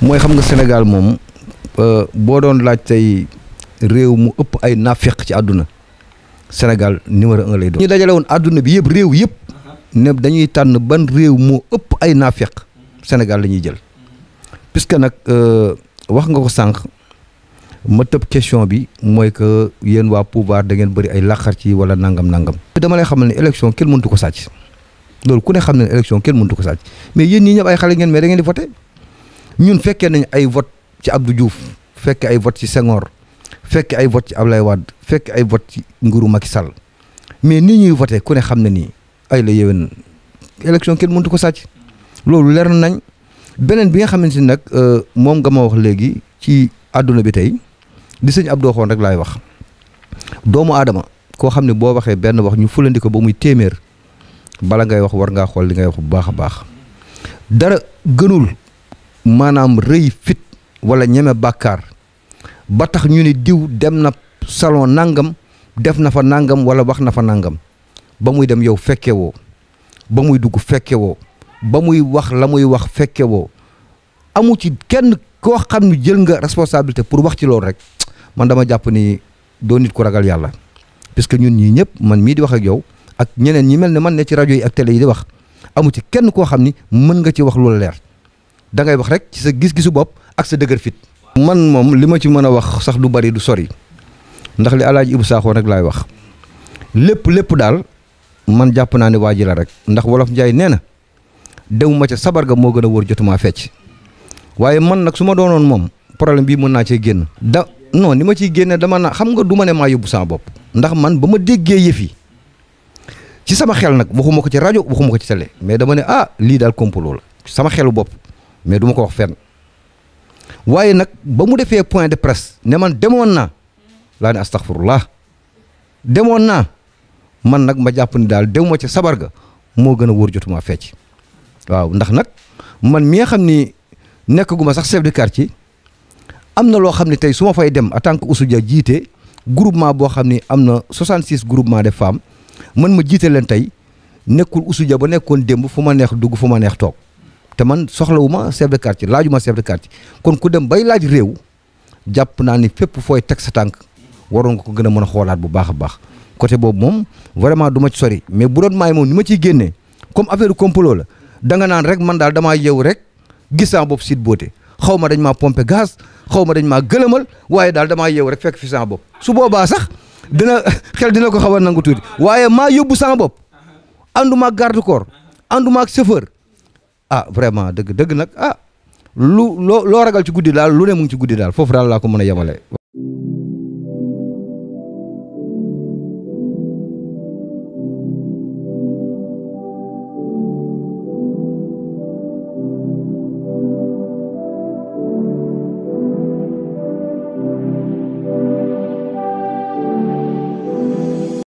mooy xam nga Sénégal moom euh, boo doon laaj réew mu ëpp ay naafeq ci àdduna Sénégal numéro un lay doon. ñu dajale woon àdduna bi yëpp réew yëpp. ne dañuy tànn ban réew moo ëpp ay naafeq Sénégal la ñuy jël que nag euh, wax nga ko sànq ma tëb question bi mooy que yéen waa pouvoir da ngeen bëri ay laqar ci wala nangam nangam. dama lay xamal ne élection kenn mëntu ko sàcc loolu ku ne xam ne élection kenn mëntu ko sàcc mais yéen ñii ñëpp ay xale ngeen mais da ngeen ñun fekkee nañ ay vote ci Abdou Diouf fekkee ay vote ci Senghor fekkee ay vote ci Ablaye Wade fekkee ay vote ci nguuru Macky Sall mais nii ñuy voté ku xam ne nii. ay la yéwén élection kenn mëntu ko sàcc loolu leer nañ beneen bi nga xamante ni nag euh, moom nga ma wax léegi ci àdduna bi tey di sëñ Abdou waxoon rek laay wax doomu aadama koo xam ne boo waxee benn wax ñu fulandi ko ba muy téeméer bala ngay wax war ngaa xool li ngay wax bu baax a baax dara gënul maanaam rëy fit wala ñeme bàkkaar ba tax ñu ni diw dem na salon nangam def na fa nangam wala wax na fa nangam ba muy dem yow fekke woo ba muy dugg fekke woo ba muy wax la muy wax fekke woo amu ci kenn koo xam ne jël nga responsabilité pour wax ci loolu rek man dama jàpp ni doo nit ku ragal yàlla parce que ñun ñii ñëpp man mii di wax ak yow ak ñeneen ñi mel ne man ne ci rajo yi ak télé yi di wax amu ci kenn koo xam ni mën nga ci wax lu leer da ngay wax rek ci sa gis-gisu bopp ak sa dëgër fit. man moom li ma ci mën a wax sax du bari du sori ndax li El Hadj rek laay wax lépp lépp daal man jàpp naa ne waa ji rek ndax wolof Njaay nee na ma ca sabar ga moo gën a wóor jotumaa fecc waaye man nag su ma doonoon moom problème bii mën naa cee génn da noon ni ma ciy génne dama na xam nga du ma ne maa yóbbu sama bopp ndax man ba ma déggee yëf ci sama xel nag waxuma ko ci rajo waxuma ko ci télé mais dama ne ah lii daal complot sama xelu bopp mais duma ko wax fen waaye nag ba mu defee point de presse ne man demoon naa laa ne astaghfirullah demoon naa man nag ma jàpp ni daal dew ma ca sabar ga moo gën a wóor jotuma fecc waaw ndax nag man mi nga xam ni nekk gu ma sax chef de quartier am na loo xam ne tey su ma fay dem en tànk que Oussou Dia jiite boo xam ni am na 66 groupement de femmes man ma jiite leen tey nekkul Oussou Dia ba nekkoon démb fu ma neex dugg fu ma neex toog te man soxlawuma chef de quartier laajuma chef de quartier kon ku dem bay laaj réew jàpp naa ni fépp fooy teg sa tànk waroon nga ko gën a mën a xoolaat bu baax a baax. côté boobu moom vraiment du ma ci sori mais bu doon maay moom ni ma ciy génnee comme affaire complot la da naan rek man daal damaa yeewu rek gis naa bopp Sweet Beauté xaw ma dañ ma pomper gaz xaw ma dañ maa gëlëmal waaye daal damaa yeewu rek fekk fi sama bopp su boobaa sax dina xel dina ko xaw a nangu tuuti waaye maa yóbbu sama bopp ànduma garde corps ànduma ak chauffeur ah vraiment dëgg dëgg nag ah lu loo loo ragal ci guddi daal lu ne mu ngi ci guddi daal foofu daal laa ko mën a yemale